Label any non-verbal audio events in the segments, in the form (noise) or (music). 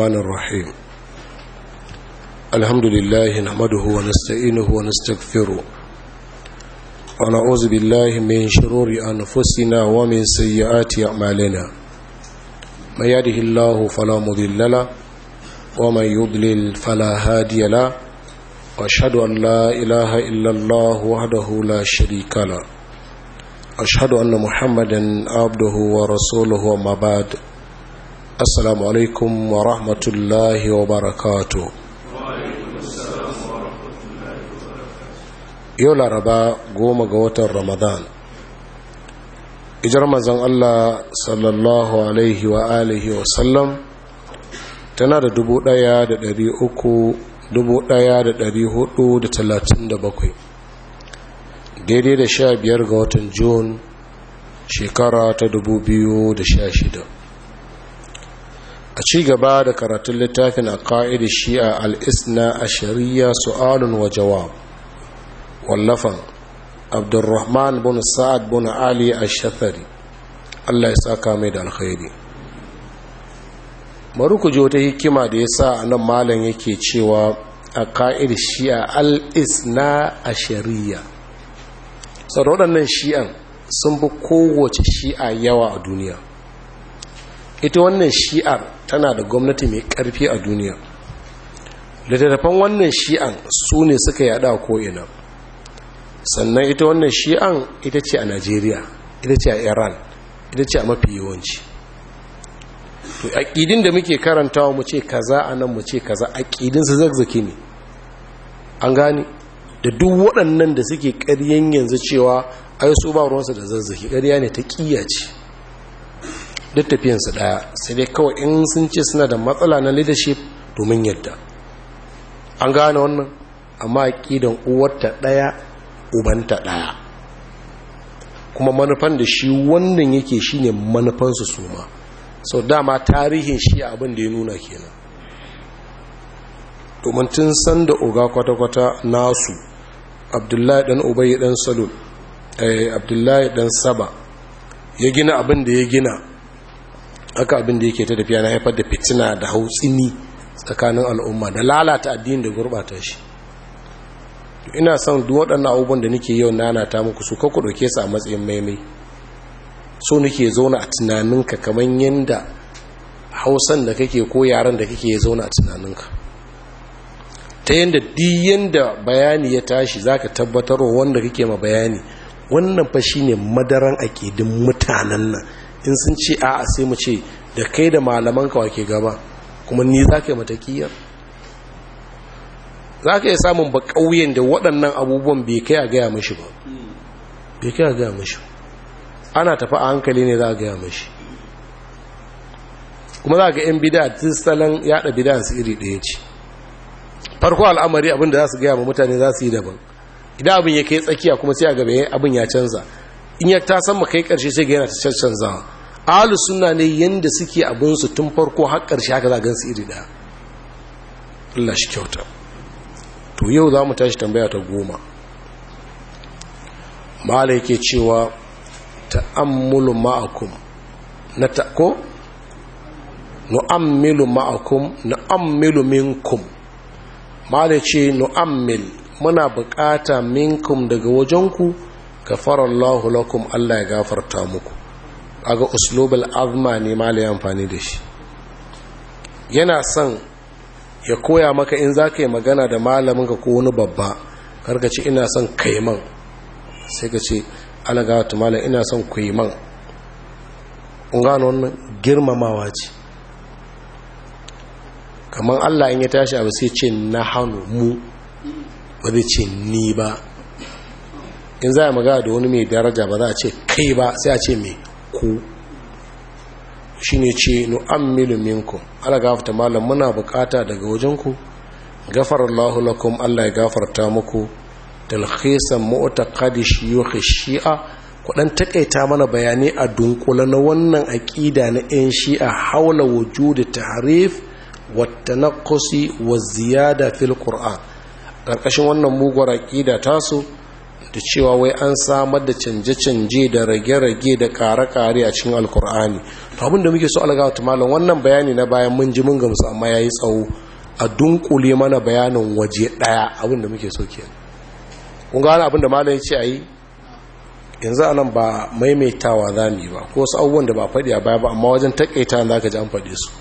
الرحمن الرحيم الحمد لله نحمده ونستعينه ونستغفره ونعوذ بالله من شرور أنفسنا ومن سيئات أعمالنا ما يده الله فلا مضل له ومن يضلل فلا هادي له وأشهد أن لا إله إلا الله وحده لا شريك له أشهد أن محمدا عبده ورسوله وما بعد assalamu alaikum wa rahmatullahi wa barakatu yau laraba goma ga watan ramadan ijar mazan allah sallallahu alaihi wa wa sallam tana da dubu daya da dari uku dubu daya da dari hudu da talatin da bakwai daidai da sha biyar ga watan Jun shekara ta dubu biyu da sha shida a ci gaba da karatun littafin a ƙa'idar shi'a al'isna a shari'a su'alun wa jawab wallafan abdurrahman bin sa'ad bin ali a shafari allah ya saka mai da alkhairi maruku ji wata hikima da ya sa a nan malam yake cewa a ƙa'idar shi'a al'isna a shari'a sau waɗannan shi'an sun fi kowace shi'a yawa a duniya ita wannan shi'ar tana da gwamnati mai karfi a duniya littattafan wannan shi'an su ne suka yada ko'ina sannan ita wannan shi'an ita ce a najeriya ita ce a iran ita ce a mafi yawanci to aƙidin da muke karantawa mu ce kaza a nan mu ce kaza aƙidin su zagzaki ne an gane da duk waɗannan da suke ƙaryen yanzu cewa ai su ba ruwansa da zazzaki ƙarya ne ta ƙiya duk tafiyansu ɗaya sai dai kawai in sun ce suna da matsala na leadership domin yadda an gane wannan amma ƙidan uwarta ɗaya ubanta ɗaya kuma manufan da shi wannan yake ne manufansu su ma sau dama tarihin shi abin da ya nuna kenan domin tun san da oga kwata-kwata nasu abdullahi dan ubayi dan salon eh, abdullahi dan saba ya gina abin da ya gina haka abin da yake ta tafiya na haifar da fitina da hautsini tsakanin al'umma da lalata addini da gurbata shi ina son duk waɗannan abubuwan da nake yau nana ta muku su kakku ɗauke su a matsayin maimai so nake zauna a tunaninka kamar yadda hausan da kake ko yaren da kake zauna a tunaninka ta yadda diyan yadda bayani ya tashi za zaka wa wanda kake ma bayani wannan fa shine madaran aƙidin mutanen nan in sun ce a'a sai mu ce da kai da malaman kawai ke gaba kuma ni za ka yi matakiyar za ka iya samun ba ƙauyen da waɗannan abubuwan bai kai a gaya mashi ba bai kai a gaya mashi ana tafi a hankali ne za a gaya mashi kuma za ga 'yan bida tistalan yada bida su iri ɗaya ce farko al'amari abinda za su gaya ma mutane za su yi daban idan abin ya kai tsakiya kuma sai a gaba eh, abin ya canza in ya ta san kai karshe sai ga yana ta cancanzawa ahalu suna ne yadda suke abinsu tun farko har ƙarshe haka za gan su iri da Allah shi kyauta to yau za mu tashi tambaya ta goma mala yake cewa ta'ammulu ma'akum na ko nu'ammilu ma'akum nu'ammilu minkum mala ce nu'ammil muna bukata minkum daga wajenku kafarallahu lakum Allah ya gafarta muku aga uslubul azma ne mala ya amfani da shi yana son ya koya maka in za ka yi magana da ka ko wani babba karka ce ina son kaiman sai ka ce alaga tumala ina son kaiman gano wannan girmamawa ce kamar allah in ya tashi abu sai ce na hannu mu ba zai ce ni ba in za a magana da wani mai daraja ba za a ce kai ba sai a ce mai ku shi ne ce nu'ammilu minkum ala gafata malam muna bukata daga wajen ku allahu lakum Allah ya gafarta muku talhisan mu'taqadi shiyukh shi'a ku dan takaita mana bayani a dunkula na wannan aƙida na yan shi'a haula wujudi tahrif wa kusi wa ziyada fil qur'an ƙarƙashin wannan muguwar aƙida tasu da cewa wai an samar da canje-canje da rage-rage da kare-kare a cikin alkur'ani to abin da muke so wata malam wannan bayani na bayan mun ji mun gamsu amma ya yi tsawo a dunkule mana bayanin waje daya abin da muke so ke. kun ga abin da malam ya ce yi, yanzu anan ba maimaitawa mu yi ba ko wasu abubuwan da ba faɗi a baya ba amma wajen takaita aka ji an faɗe su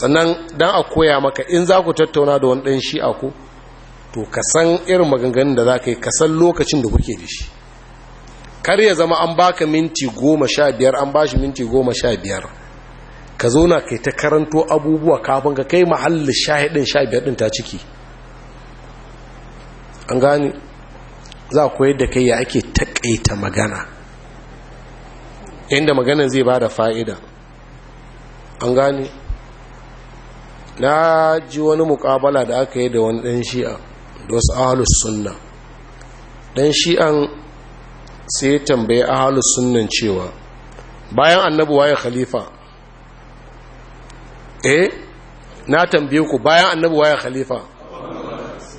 sannan dan a koya maka in za ku tattauna da wani ɗan shi'a ku. to ka san irin maganganun da za ka yi ka san lokacin da kuke da shi kar ya zama an baka minti goma sha biyar an ba shi minti goma sha biyar ka zauna kai ta karanto abubuwa kafin ka kai mahallin hidin sha biyar ɗin ta ciki an gani za a koyar da kai ya ake takaita magana inda magana zai ba da fa'ida an gani na ji wani mukabala da aka yi da wani ɗan shi'a da wasu ahalus sunna dan an sai ya tambaye ahalus sunnan cewa bayan annabi waye khalifa eh na tambaye ku bayan annabi waye khalifa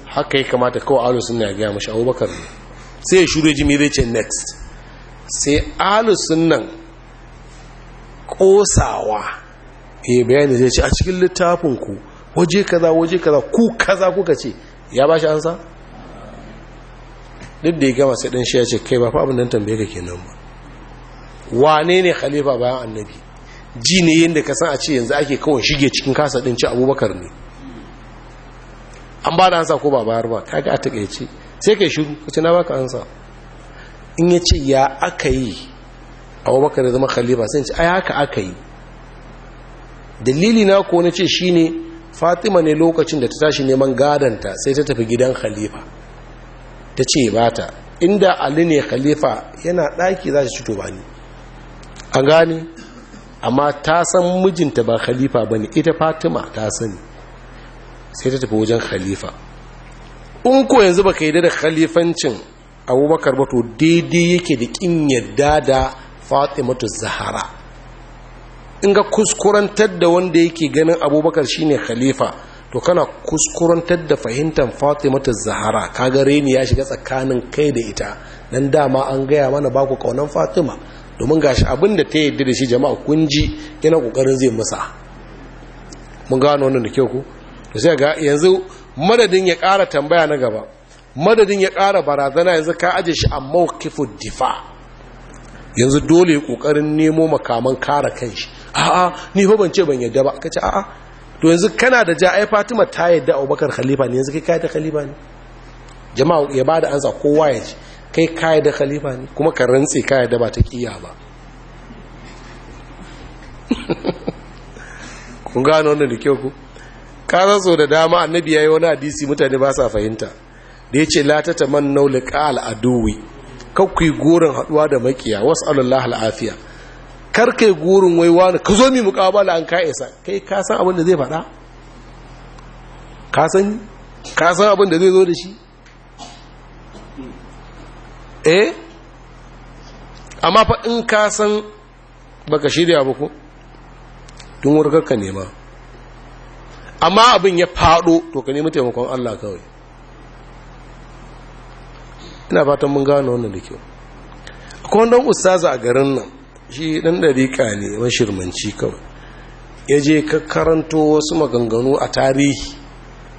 haka yi kamata kawai ahalus sunna ya gaya mashi abubakar ne sai ya shuru jimi zai ce next sai ahalus sunnan kosawa ya bayani zai ce a cikin littafinku waje kaza waje kaza ku kaza kuka ce ya ba shi ansa duk da ya gama sai ɗin shi ya ce kai ba fa abin nan tambaye ka ke nan ba wane ne khalifa bayan annabi ji ne yadda ka san a ce yanzu ake kawai shige cikin kasa ɗin ci abubakar ne an ba da ansa ko ba bayar ba kaga a ce sai ka shiru ka ce na baka ansa in ya ce ya aka yi abubakar ya zama khalifa sai ce ai haka aka yi dalili na ko na ce shine fatima ne lokacin da ta tashi neman gadanta sai ta tafi gidan khalifa ta ce ba ta inda ali ne khalifa yana ɗaki za ci cito ba ni A gane amma ta san mijinta ba khalifa ba ne ita fatima ta sani sai ta tafi wajen khalifa in ko yanzu ba ka yi da khalifancin abubakar ba to daidai yake da ƙin yadda da fatimatu zahara in ga kuskurantar da wanda yake ganin abubakar shine khalifa to kana kuskurantar da fahimtar Fatima fatimata zahara gare reni ya shiga tsakanin kai da ita nan dama an gaya mana baku kaunan fatima domin gashi abin da ta yadda da shi jama'a kun ji yana kokarin zai musa mun gano wannan da kyau ku to sai ga yanzu madadin ya ƙara tambaya na gaba madadin ya ƙara barazana yanzu ka aje shi a mawkifu difa yanzu dole ya kokarin nemo makaman kare kanshi a'a ni ho ban ce ban yadda ba kace a'a to yanzu kana da ja ai Fatima ta yadda Abubakar khalifa ne yanzu kai kai da khalifa ne jama'a ya bada ansa kowa ya ji kai kai da khalifa ne kuma ka rantsi kai da ba ta kiya ba (laughs) kun gano wannan da kyau ku ka so da dama annabi yayi wani hadisi mutane ba sa fahimta da yace la tatamannu liqa al aduwi kakku gorin haduwa da makiya wasallallahu al karkai gurin waiwa ne ka zo mi mukabala an ka isa kai ka san abin da zai faɗa ka san ka san abin da zai zo da shi eh amma fa in ka san baka shirya ba ko tun wurkar ka nema amma abin ya faɗo to ka nemi taimakon Allah kawai ina fatan mun gano wannan da kyau akwai wanda ustaza a garin nan shi ɗan ɗariƙa ne mashirmanci kawai ya je ka karanto wasu maganganu a tarihi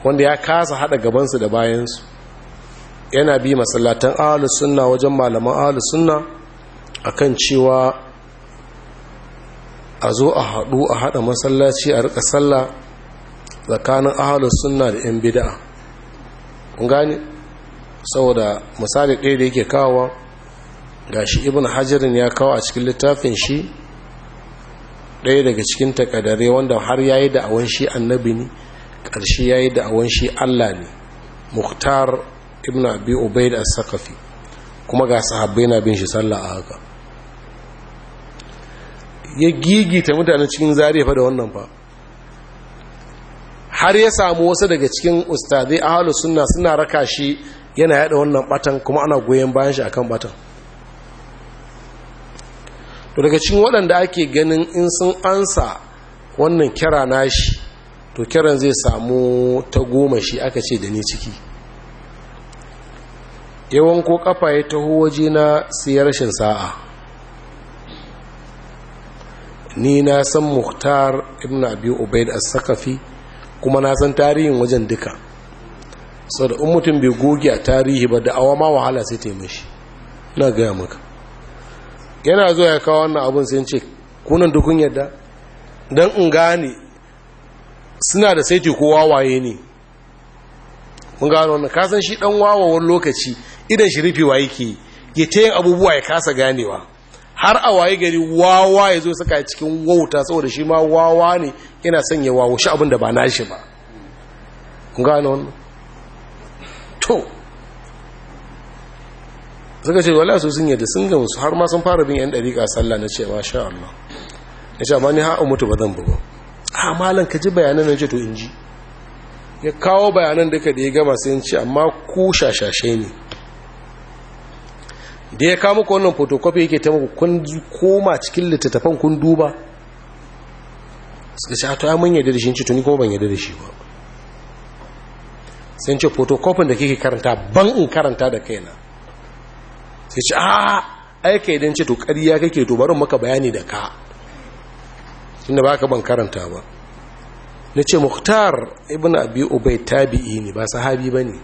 wanda ya kasa haɗa gabansu da bayansu yana bi masallatan ahalus sunna wajen malaman ahalus sunna akan cewa a zo a haɗu a haɗa masallaci a rika sallah tsakanin ahalus sunna da 'yan bida'a kun saboda misali ɗaya da yake kawowa gashi ibn hajarin ya kawo a cikin littafin shi ɗaya daga cikin takadare wanda har ya yi da'awan shi annabi ne ƙarshe ya yi da'awan shi allah ne muktar ibn abi ubaid as-sakafi kuma ga sahabbai na bin shi sallah a haka ya gigita mutane cikin zari fa da wannan fa har ya samu wasu daga cikin ustazai ahlus sunna suna raka shi yana yada wannan batan kuma ana goyon bayan shi akan batan to daga cikin waɗanda ake ganin in sun ansa wannan kira nashi to kiran zai samu ta goma shi aka ce da ni ciki yawan ko kafa ya taho waje na siyar rashin sa'a ni na san muhtar ibn abi ubaid as-sakafi kuma na san tarihin wajen duka sau da in mutum bai goge a tarihi ba da awa ma wahala sai taimishi na gaya maka yana zo ya kawo wannan abin sai ce kunan dukun yadda don in gane suna da saiti ko wawaye ne mun gano wannan kasan shi dan wawawan lokaci idan shi rufewa yake ya ta yin abubuwa ya kasa ganewa har a waye gari wawa ya zo saka cikin wauta saboda shi ma wawa ne yana sanya wawo shi abin da ba nashi ba gano suka ce wala su sun yadda sun gamsu har ma sun fara bin yan dariƙa sallah na cewa sha Allah ya ce amma ni ha mutu ba zan bugu a malan ka ji bayanan na ce to in ji ya kawo bayanan duka da ya gama sai in ce amma ku shashashe ne da ya kawo muku wannan photocopy yake ta muku kun koma cikin littattafan kun duba suka ce a to ya mun yadda da shi ce to ni kuma ban yadda da shi ba sai in ce photocopy da kike karanta ban in karanta da kaina sai ce a ah, aika idan ce to karya kake to barin maka bayani da ka inda ba ka ban karanta ba na ce muhtar ibn abi ubai tabi'i ne ba sahabi ba ne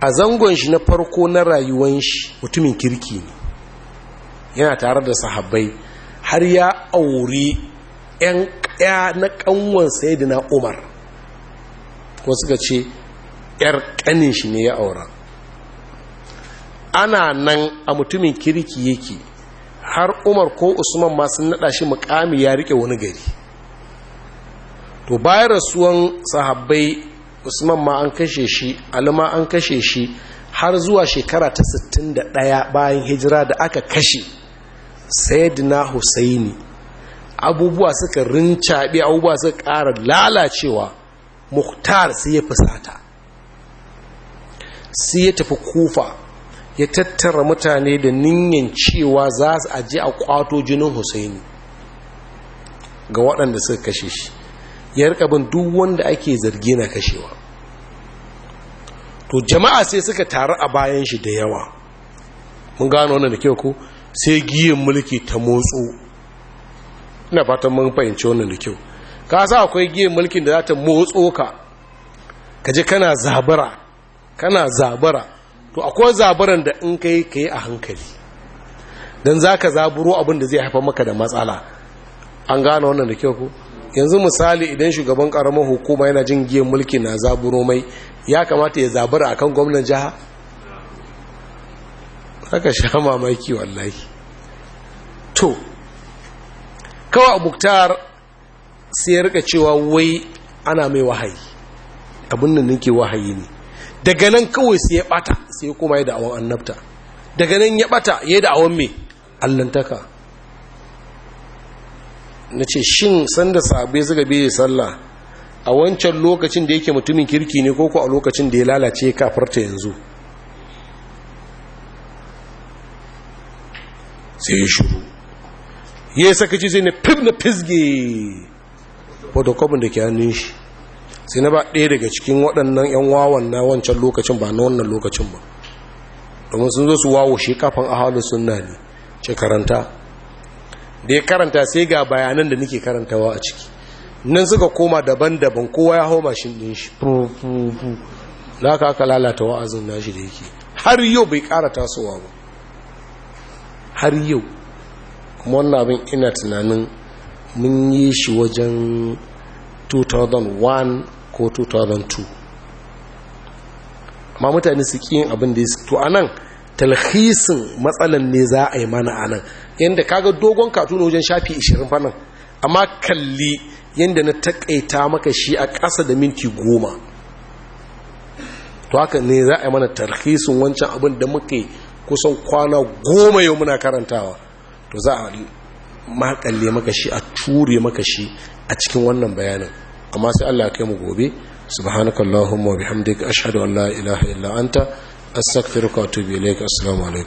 a zangon shi na farko na rayuwan shi mutumin kirki ne yana tare da sahabbai har ya auri 'yan na kanwon sayidina umar ko suka ce 'yar kanin shi ne ya aura ana nan a mutumin kirki yake har umar ko usman masu sun nada shi mukami ya rike wani gari to bayan rasuwan sahabbai usman ma an kashe shi alama an kashe shi har zuwa shekara ta 61 bayan hijira da aka kashe sayyidina husaini abubuwa suka rincaɓe abubuwa suka ƙara lalacewa muhtar sai ya fusata sai ya tafi kufa ya tattara mutane da ninyan cewa za su aji a kwato jinin husaini ga waɗanda suka kashe shi ya rika bin duk wanda ake zargi na kashewa to jama'a sai suka taru a bayan shi da yawa mun gano wannan da kyau ko sai giyin mulki ta motso ina fatan mun fahimci wannan da kyau ka sa akwai giyin mulkin da za ta motso ka ka ji kana zabara kana zabara to akwai zaburan da in kai ka yi a hankali don za ka zaburo abin da zai haifar maka da matsala an gane wannan da kyau ku yanzu misali idan shugaban karamar hukuma yana jin giyan mulki na zaburo mai ya kamata ya zabura a kan gwamnan jiha haka sha (laughs) mamaki wallahi to kawai abuktar sai ya rika cewa wai ana mai wahayi abin da nake wahayi ne daga nan kawai sai ya bata sai ya koma ya da awon annabta daga nan ya bata ya da awon me allantaka na ce shin sanda sabai suka biye sallah a wancan lokacin da yake mutumin kirki ne ko ko a lokacin da ya lalace ya kafarta yanzu sai ya shuru ya yi sakaci sai na fif na fisge fotokobin da ke hannun shi sai na ba ɗaya daga cikin waɗannan 'yan wawan na wancan lokacin ba na wannan lokacin ba domin sun zo su wawo shi kafin ahalus sunna ne ce karanta da ya karanta sai ga bayanan da nake karantawa a ciki nan suka koma daban-daban kowa ya hau mashin ɗin shi na ka aka lalata wa'azin nashi da yake har yau bai ƙara tasowa ba har yau kuma wannan abin ina tunanin mun yi shi wajen 2001 ko 2002 amma mutane su ƙi abin da ya to a nan talhisin matsalan ne za a yi mana a nan yadda kaga dogon katuna wajen shafi 20 fannin amma kalli yadda na taƙaita maka shi a ƙasa da minti goma to haka ne za a yi mana talhisin wancan abin da muke kusan kwana goma yau muna karantawa to za a makalle maka shi a ture maka shi a cikin wannan bayanin amma sai Allah kai mu gobe subhanakallahumma wa bihamdika ashhadu an la ilaha illa anta astaghfiruka wa atubu ilaik assalamu alaikum